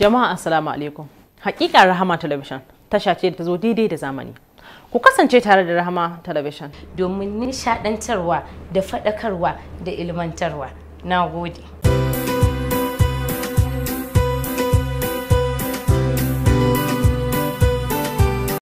Jama'a assalamu alaikum. Hakika Rahama Television tasha ce da ta zo daidai da zamani. Ku kasance tare da Rahama Television domin nishadantarwa da faɗakarwa da ilmantarwa. Na gode.